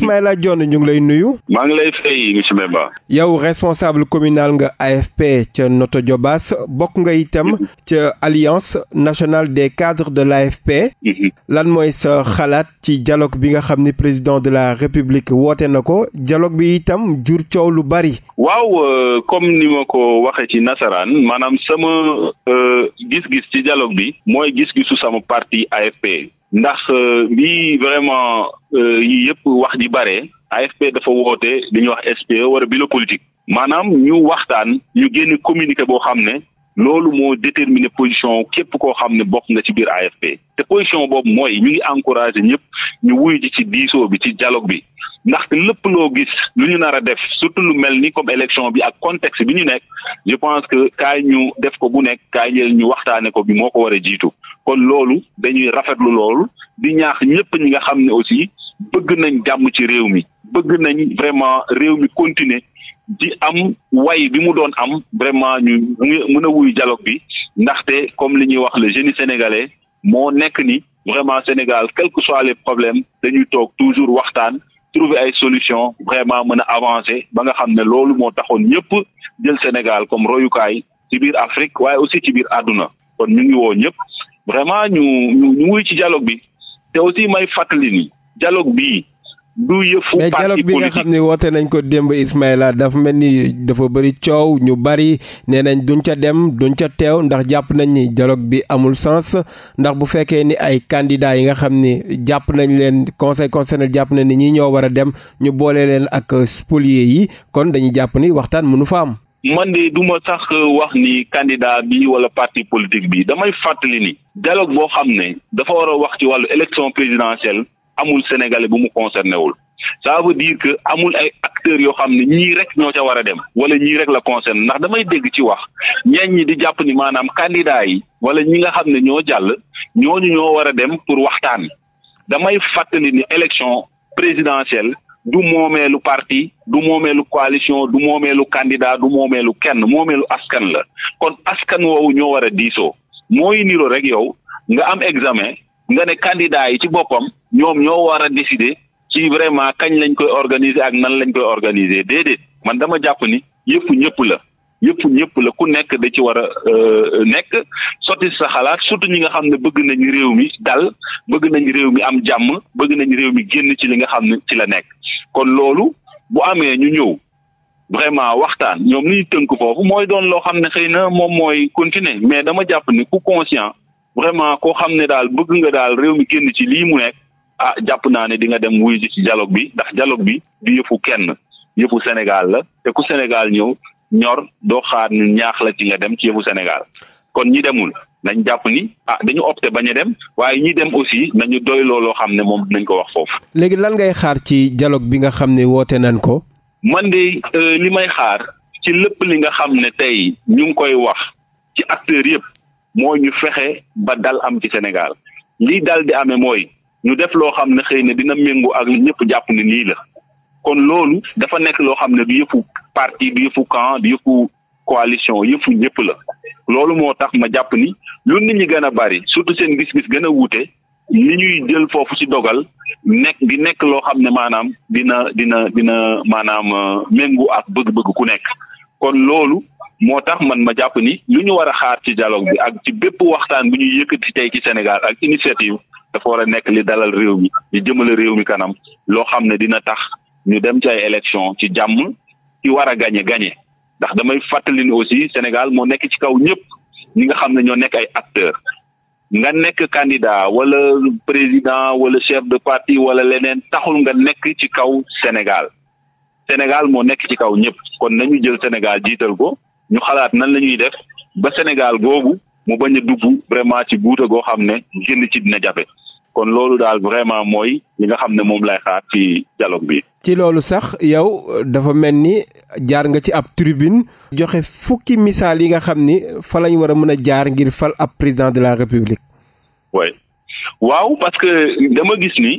Ismaïla Dione ñu ngi lay nuyu. maa ngi lay fay monsieur Mbemba. yow responsable communal nga AFP ca noto Diobass bokk nga itam mhm. ca alliance nationale des cadres de l'AFP. Mhm. lan mooy sa xalaat ci dialogue bi nga xam ni président de la république woote na ko dialogue bi itam jur coow lu bari. waaw euh, comme ni ma ko waxee ci nasaraan maanaam sama euh, gis-gis ci dialogue bi mooy gis-gisu sama parti AFP. ndax euh, bi vraiment euh, yii yëpp wax ji bare AFP dafa woote li ñuy wax sp e wala bureau politique maanaam ñu waxtaan ñu génne communiqué boo xam ne loolu moo déterminer position képp koo xam ne bokk na ci biir AFP te position boobu mooy ñu ngi encouragé ñëpp ñu wuy ji ci diisoo bi ci dialogue bi ndaxte lépp loo gis lu ñu nar a def surtout lu mel ni comme élection bi ak contexte bi ñu nekk je pense que kaay ñu def ko bu nekk kaay ñu waxtaane ko bi moo ko war a jiitu kon loolu dañuy rafetlu loolu di ñaax ñëpp ñi nga xam ne aussi bëgg nañ jàmm ci réew mi bëgg nañ vraiment réew mi continuer di am way bi mu doon am vraiment ñu mën a wuyu dialogue bi ndaxte comme li ñuy wax le génie sénégalais moo nekk ni vraiment Sénégal quel que soit les problèmes dañuy toog toujours waxtaan trouver ay solution vraiment mën a avancer ba nga xam ne loolu moo taxoon ñëpp jël Sénégal comme royukaay ci biir Afrique waaye aussi ci biir àdduna kon ñu ngi ñëpp vraiment ñu ci dialogue bi te aussi may fàttali bi nga xam ne woote nañ ko démb Ismaïla dafa mel ni dafa bëri coow ñu bëri nee nañ duñ ca dem duñ ca teew ndax jàpp nañ ni dialogue bi amul sens ndax bu fekkee ni ay candidats yi nga xam ni jàpp nañ leen conseil constitutionnel jàpp na ni ñi ñoo war a dem ñu boole leen ak spolier yi kon dañuy jàpp ni waxtaan mënu fa am. man de du ma sax wax ni candidat bi wala parti politique bi damay fàttali ni dialogue boo xam ne dafa war a wax ci wàllu élection présidentielle amul sénégalais bu mu concerné wul ça veut dire que amul ay acteurs yoo xam ne ñii rek ñoo ca war a dem wala ñii rek la concerné ndax damay dégg ci wax ñenn ñi di jàpp ni maanaam candidat yi wala ñi nga xam ne ñoo jàll ñooñu ñoo war a dem pour waxtaan damay fàttali ni élection présidentielle du moomeelu parti du moomeelu coalition du moomeelu candidat du moomeelu kenn moomeelu askan la kon askan woowu ñoo war a diisoo mooy niro rek yow nga am examen nga ne candidat yi ci boppam ñoom ñoo war a décider ci vraiment kañ lañ koy organiser ak nan lañ koy organiser déedéet man dama jàpp ni yëpp ñëpp la ñëpp ñëpp la ku nekk da ci war a euh, nekk sotti sa xalaat surtout ñi nga xam ne bëgg nañ réew mi dal bëgg nañ réew mi am jàmm bëgg nañ réew mi génn ci li nga xam ne ci la nekk kon loolu bu amee ñu ñëw vraiment waxtaan ñoom ni tënk foofu mooy doon loo xam ne xëy na moom mooy continuer mais dama jàpp ni ku conscient vraiment koo xam ne daal bëgg nga daal réew mi génn ci lii mu nekk ah jàpp naa ne di nga dem wuyu ji ci dialogue bi ndax dialogue bi du yëfu kenn yëfu Sénégal la te Sénégal ñëw ñor doo xaar ñu ñaax la ci nga dem ci yëfu Sénégal kon ñi demul nañ jàpp ni ah dañu opté bañ a dem waaye ñi dem aussi nañu doy looloo xam ne moom dinañ ko wax foofu. léegi lan ngay xaar ci dialogue bi nga xam ne woote nañ ko. man de euh, li may xaar ci lépp li nga xam ne tey ñu ngi koy wax ci acteur yëpp moo ñu fexe ba dal am ci Sénégal lii dal di amee mooy ñu def loo xam ne xëy na dina méngoo ak li ñëpp jàpp ne nii la. kon loolu dafa nekk loo xam ne du yëfu parti du yëfu camp du yëfu coalition yëfu ñëpp la loolu moo tax ma jàpp ni lu nit ñi gën a bari surtout seen gis gën a wuute li ñuy jël foofu ci dogal nekk di nekk loo xam ne maanaam dina dina dina maanaam euh, méngu ak bëgg ku nekk kon loolu moo tax man ma jàpp ni lu ñu war a xaar ci dialogue bi ak ci bépp waxtaan bu ñuy yëkkati tey ci Sénégal ak initiative dafa war a nekk li dalal réew mi li jëmale réew mi kanam loo xam ne dina tax ñu dem ci ay élection ci jàmm ci war a gagné gagné ndax damay fàttali ni aussi Sénégal moo nekk ci kaw ñëpp ñi nga xam ne ñoo nekk ay acteurs nga nekk candidat wala président wala chef de parti wala leneen taxul nga nekk ci kaw Sénégal Sénégal moo nekk ci kaw ñëpp kon nañu jël Sénégal jiital ko ñu xalaat nan la ñuy def ba Sénégal googu mu bañ a dugg vraiment ci guuta goo xam ne génn ci dina jafe kon loolu daal vraiment mooy li nga xam ne moom lay xaar ci dialogue bi. ci loolu sax yow dafa mel ni jaar nga ci ab tribune joxe fukki misaal yi nga xam ni fa lañ war a mën a jaar ngir fal ab président de la république. oui waaw parce que dama gis ni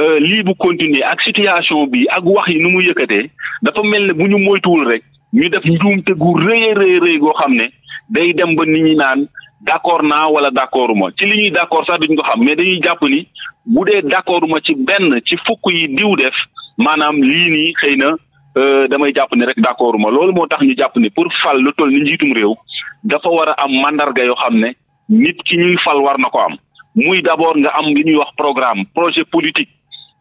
euh, lii bu continuer ak situation bi ak wax yi nu mu yëkkatee dafa mel ni bu ñu moytuwul rek ñu def njuumte gu rëy a rëy goo xam ne day dem ba nit ñi naan d'accord naa wala d'accorduma ci li ñuy d'accord sax duñ ko xam mais dañuy jàpp ni bu dee d'accorduma ci benn ci fukk yi diw def maanaam lii nii xëy na euh, damay jàpp ni rek d'accorduma loolu moo tax ñu jàpp ni pour fal lu toll ni njiitum réew dafa war a am mandarga yoo xam ne nit ki ñuy fal war na ko am muy d'abord nga am li ñuy wax programme projet politique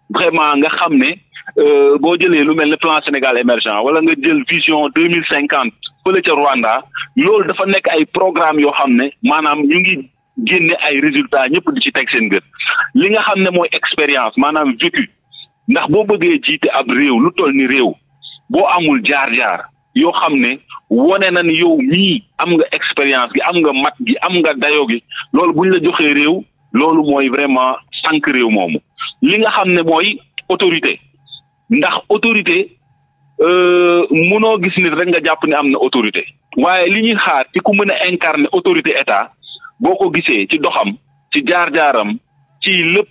vraiment nga xam ne Euh, boo jëlee lu mel ni plan Sénégal émergent wala nga jël vision deux mille cinquante fële ca Rwanda loolu dafa nekk ay programme yoo xam ne maanaam ñu ngi génne ay résultats ñëpp di ci teg seen gët li nga xam ne mooy expérience maanaam vécu ndax boo bëggee jiite ab réew lu toll ni réew boo amul jaar-jaar yoo xam ne wone na ni yow mii am nga expérience gi am nga mat gi am nga dayo gi loolu bu ñu la joxee réew loolu mooy vraiment sànq réew moomu li nga xam ne mooy autorité ndax autorité euh, mënoo gis nit rek nga jàpp ni am na autorité waaye li ñuy xaar ci ku mën a incarner autorité état boo ko gisee ci doxam ci jaar-jaaram ci lépp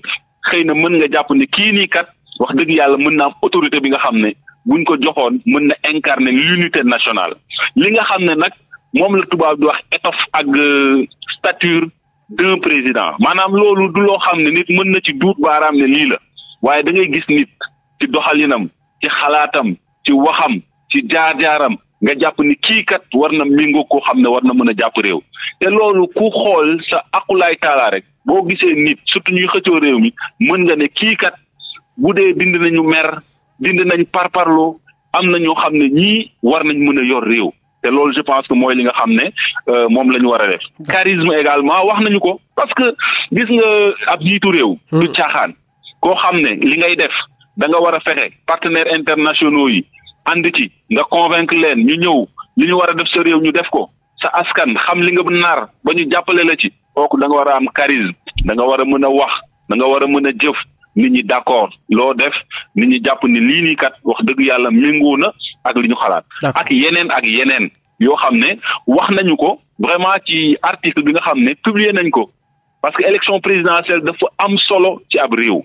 xëy na mën nga jàpp ni kii nii kat wax dëgg yàlla mën na am autorité bi nga xam ne buñ ko joxoon mën na incarner l'unité nationale li nga xam ne nag moom la tubaab di wax étoffe ak euh, stature d'un président maanaam loolu du loo xam ne nit mën na ci duut baaraam ne lii la waaye da gis nit ci doxalinam ci xalaatam ci waxam ci jaar-jaaram nga jàpp ni kii kat war na méngoo koo xam ne war na mën a jàpp réew te loolu ku xool sa akulaay taalaa rek boo gisee nit surtout ñuy xëccoo réew mi mën nga ne kii kat bu dee dindi nañu mer dindi nañ parparloo am na ñoo xam ne ñii war nañ mën a yor réew te loolu je pense que mooy li nga xam ne euh, moom la ñu war a def. charisme également wax nañu ko parce que gis nga ab jiitu réew. Hmm. du caaxaan koo xam ne li ngay def. da nga war a fexe partenaires internationaux yi ànd ci nga convaincre leen ñu ñëw li ñu war a def sa réew ñu def ko sa askan xam li nga nar ba ñu jàppale la ci kooku da nga war a am charisme da nga war a mën a wax da nga war a mën a jëf nit ñi d'accord loo def nit ñi jàpp ni lii nii kat wax dëgg yàlla méngoo na ak li ñu xalaat. ak yeneen ak yeneen yoo xam ne wax nañu ko vraiment ci article bi nga xam ne publier nañ ko parce que élection présidentielle dafa am solo ci ab réew.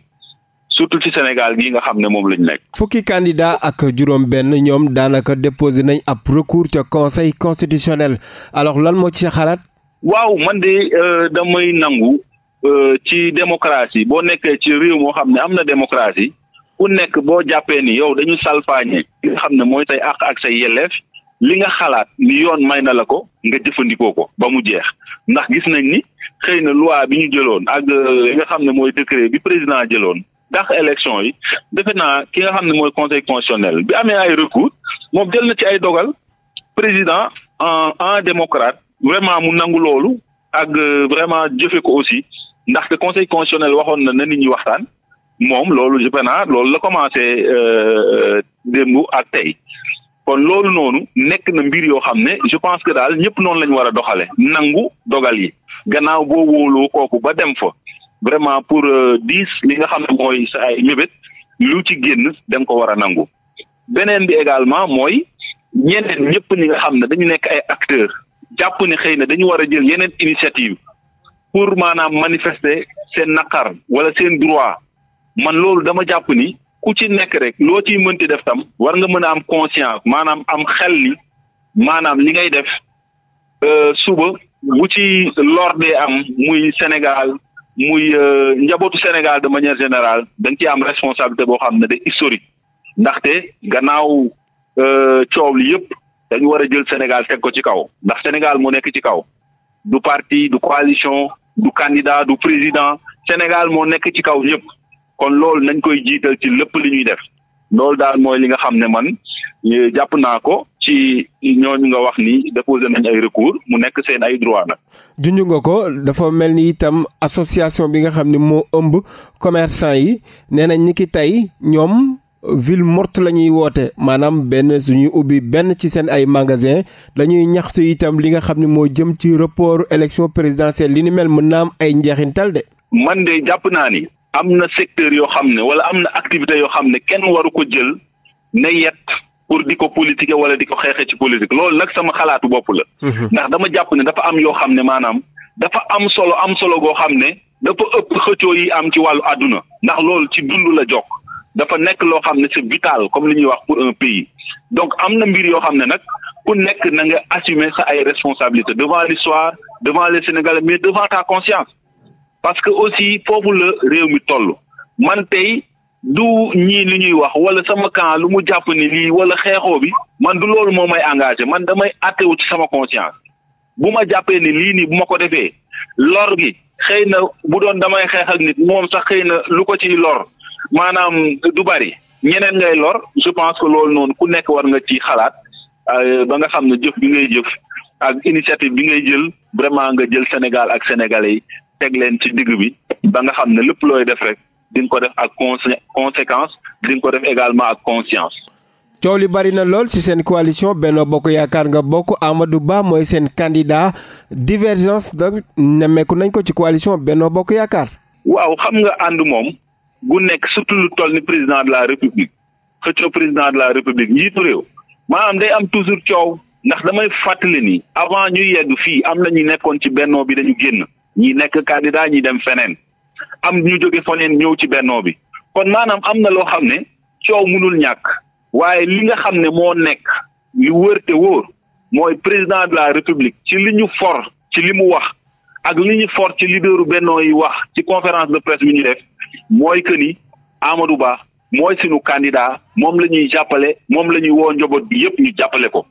surtout ci Sénégal gii nga xam ne moom la ñu nekk. fukki candidat ak juróom-benn ñoom daanaka déposé nañ ab recours ca conseil constitutionnel alors lan moo ci sa xalaat. waaw man de euh, damay nangu euh, ci démocratie boo nekkee ci réew moo xam ne am na démocratie ku nekk boo jàppee ni yow dañu salfaañe li nga xam ne mooy say àq ak say yeleef li nga xalaat ni yoon may na la ko nga jëfandikoo ko ba mu jeex ndax gis nañ ni xëy na loi bi ñu jëloon ak euh, li nga xam ne mooy décret bi président jëloon. ndax élection yi defe naa ki nga xam ne mooy conseil constitutionnel bi amee ay recours moom jël na ci ay dogal président en en démocrate vraiment mu nangu loolu ak euh, vraiment jëfe ko aussi ndaxte conseil constitutionnel waxoon na na nit ñi waxtaan moom loolu je pense loolu la commencé euh, démb ak tey kon loolu noonu nekk na mbir yoo xam ne je pense que daal ñëpp noonu la ñu war a doxale nangu dogal yi gannaaw boo wóoloo kooku ba dem fa vraiment pour euh, diis li nga xam ne mooy sa ay mébét lu ci génn da nga ko war a nangu beneen bi également mooy ñeneen ñëpp ñi nga xam ne dañu nekk ay acteurs jàpp ne xëy na dañu war a jël yeneen initiative pour maanaam manifester seen naqar wala seen droit man loolu dama jàpp ni ku ci nekk rek loo ciy mënti def tam war nga mën a am conscience maanaam am xel ni maanaam li ngay def euh, suba bu ci lordee am muy Sénégal muy euh, njabootu Sénégal de manière générale dañ ci am responsabilité boo xam ne de historique ndaxte gannaaw euh, coow li yëpp dañu war a jël Sénégal teg ko ci kaw ndax Sénégal moo nekk ci kaw du parti du coalition du candidat du président Sénégal moo nekk ci kaw yépp kon loolu nañ koy jiital ci lépp li ñuy def loolu daal mooy li nga xam ne man euh, jàpp naa ko ci ñooñu nga wax ni déposé nañ ay recours mu nekk seen ay droit nag. junj nga ko dafa mel ni itam association bi nga xam ne moo ëmb commerçant yi nee nañ ñi ki tey ñoom ville morte la ñuy woote maanaam benn suñuy ubbi benn ci seen ay magasin dañuy ñaxtu itam li nga xam ne moo jëm ci report élection présidentielle li ni mel mën naam ay njeexintal de. man de jàpp naa ni. am na secteur yoo xam ne wala am na activité yoo xam ne kenn waru ko jël ne yet. pour di ko politiquer wala di ko xeexee ci politique loolu nag sama xalaatu bopp la. Mhm. ndax dama jàpp ne dafa am yoo xam ne maanaam dafa am solo am solo goo xam ne dafa ëpp xëcco yi am ci wàllu àdduna ndax loolu ci dund la jokk dafa nekk loo xam ne c'est vital comme li ñuy wax pour un pays donc am na mbir yoo xam ne nag ku nekk na nga assumer sa ay responsabilités devant l'histoire devant les Sénégalais mais devant ta conscience parce que aussi foofu la réew mi toll du ñii li ñuy wax wala sama camp lu mu jàpp ni lii wala xeexoo bi man du loolu moo may engagé man damay attewu ci sama conscience bu ma jàppee ni lii nii bu ma ko defee lor gi xëy na bu doon damay xeex ak nit moom sax xëy na lu ko ci lor maanaam du bari ñeneen ngay lor je pense que loolu noonu ku nekk war nga ci xalaat euh, ba nga xam ne jëf bi ngay jëf ak initiative bi ngay jël vraiment nga jël Sénégal ak sénégal yi teg leen ci digg bi ba nga xam ne lépp looy def rek. di ko def ak conséquence di ko def également ak conscience. coow li bari na lool ci seen coalition Benno Bokk Yaakaar nga bokk Amadou Ba mooy seen candidat divergence donc nemmeeku nañ ko ci coalition Benno Bokk Yaakaar. waaw xam nga ànd moom gu nekk surtout lu toll ni président de la république xëccoo président de la république njiitu réew maanaam day am toujours coow ndax damay fàttali ni avant ñuy yegg fii am na ñu nekkoon ci Benno bi dañu génn ñi nekk candidat ñi dem feneen. am ñu jóge foneen ñëw ci bennoo bi kon maanaam am na loo xam ne coow mënul ñàkk waaye li nga xam ne moo nekk lu wër te wóor mooy président de la république ci li ñu for ci li mu wax ak li ñu for ci leaderu bennoo yi wax ci conférence de presse yu ñu def mooy que ni Amadou Ba mooy sunu candidat moom la ñuy jàppale moom la ñuy woo njaboot bi yépp ñu jàppale ko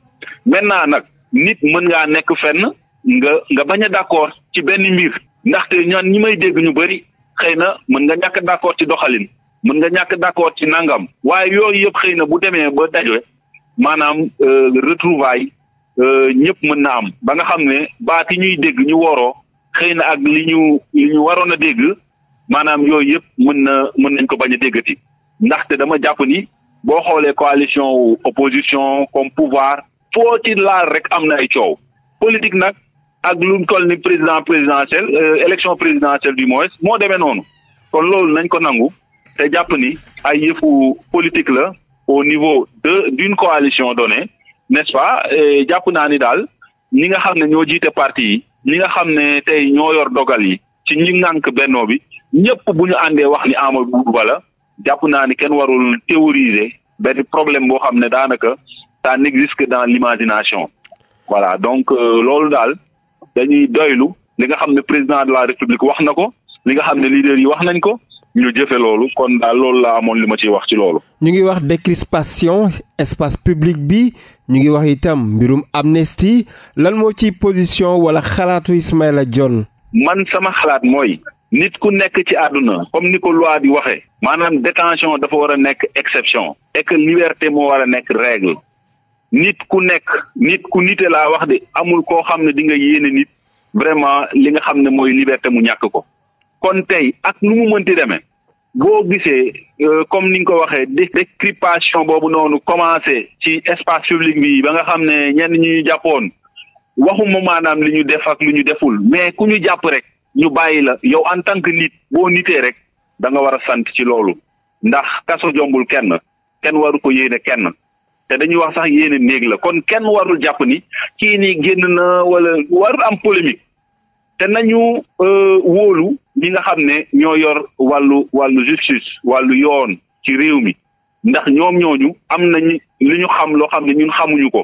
maintenant nag nit mën ngaa nekk fenn nga nga bañ a d'accord ci benn mbir ndaxte ñaan ñi may dégg ñu bari xëy na mën nga ñàkk d'accord ci doxalin mën nga ñàkk d'accord ci nangam waaye yooyu yëpp xëy na bu demee ba daje maanaam euh, retrouvaille euh, ñëpp mën na am ba nga xam ne baat yi ñuy dégg ñu woroo xëy na ak li ñu li ñu waroon a dégg maanaam yooyu yëpp mën na mën nañ ko bañ a déggati ndaxte dama jàpp ni boo xoolee coalition opposition comme pouvoir foo ci laal rek am na ay coow politique nag ak lu mu ni président présidentielle euh, élection présidentielle du moins moo demee noonu kon loolu nañ ko nangu te jàpp ni ay yëfu politique la au niveau de d'une coalition donnée n'est-ce pas jàpp naa ni daal ñi nga xam ne ñoo jiite parti yi ñi nga xam ne tey ñoo yor dogal yi ci ñi nànk benno bi ñëpp bu ñu àndee wax ni Amadou Ba la jàpp naa ni kenn warul théoriser benn problème boo xam ne daanaka ça n'existe que dans l'imagination voilà donc euh, loolu daal dañuy doylu li nga xam ne président de la république wax na ko li nga xam ne leader yi wax nañ ko ñu jëfe loolu kon daal loolu laa amoon li ma ciy wax ci loolu. ñu ngi wax décrispation espace public bi ñu ngi wax itam mbirum amnistie lan moo ci position wala xalaatu Ismaïla Dione. man sama xalaat mooy. nit ku nekk ci àdduna comme ni ko loi di waxee. maanaam détention dafa war a nekk exception. et que liberté moo war a nekk règle. nit ku nekk nit ku nite la wax de amul koo xam ne dinga nga yéene nit vraiment li nga xam ne mooy liberté mu ñàkk ko kon tey ak nu mu mënti demee boo gisee euh, comme ni nga ko waxee décrypation boobu noonu commencé ci espace public bi ba nga xam ne ñenn ñu jàppoon waxuma maanaam li ñu def ak lu ñu deful mais ku ñu jàpp rek ñu bàyyi la yow en tant que nit boo nitee rek da nga war a sant ci loolu ndax kaso jombul kenn kenn waru ko yéene kenn. te dañuy wax sax yéene néeg la kon kenn warul jàpp ni kii nii génn na wala warul am polémique te nañu euh, wóolu ñi nga xam ne ñoo yor wàllu wàllu justice wàllu yoon ci réew mi ndax ñoom ñooñu am nañ li ñu xam loo xam ne ñun xamuñu ko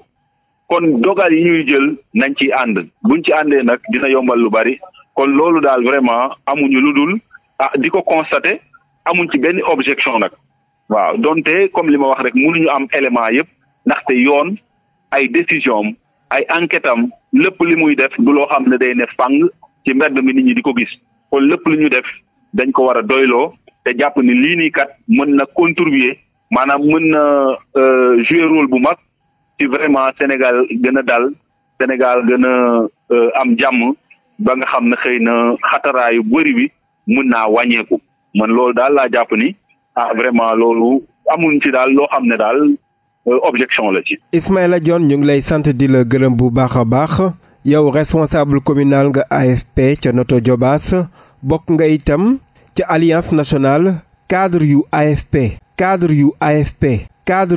kon dogal yi ñuy jël nañ ci ànd buñ ci àndee nag dina yombal lu bari kon loolu daal vraiment amuñu lu dul ah di ko constater amuñ ci benn objection nag waaw donte comme li ma wax rek ñu am élément yëpp ndaxte yoon ay décision am ay enquête am lépp li muy def du loo xam ne day ne fàng ci mbedd mi nit ñi di ko gis kon lépp lu ñu def dañ ko war a doyloo te jàpp ni lii nii kat mën na contribuer maanaam mën na euh, jouer rôle bu mag ci vraiment Sénégal gën a dal Sénégal gën a euh, am jàmm ba nga xam ne xëy na xataraayu bëri bi mën naa wàññeeku man loolu daal laa jàpp ni ah vraiment loolu amuñ ci daal loo xam ne daal euh, objection la ci. Ismaïla Dione ñu ngi lay sant di la gërëm bu baax a baax yow responsable communal nga AFP ca noto Diobass bokk nga itam ca alliance nationale cadre yu AFP. cadre yu AFP. cadre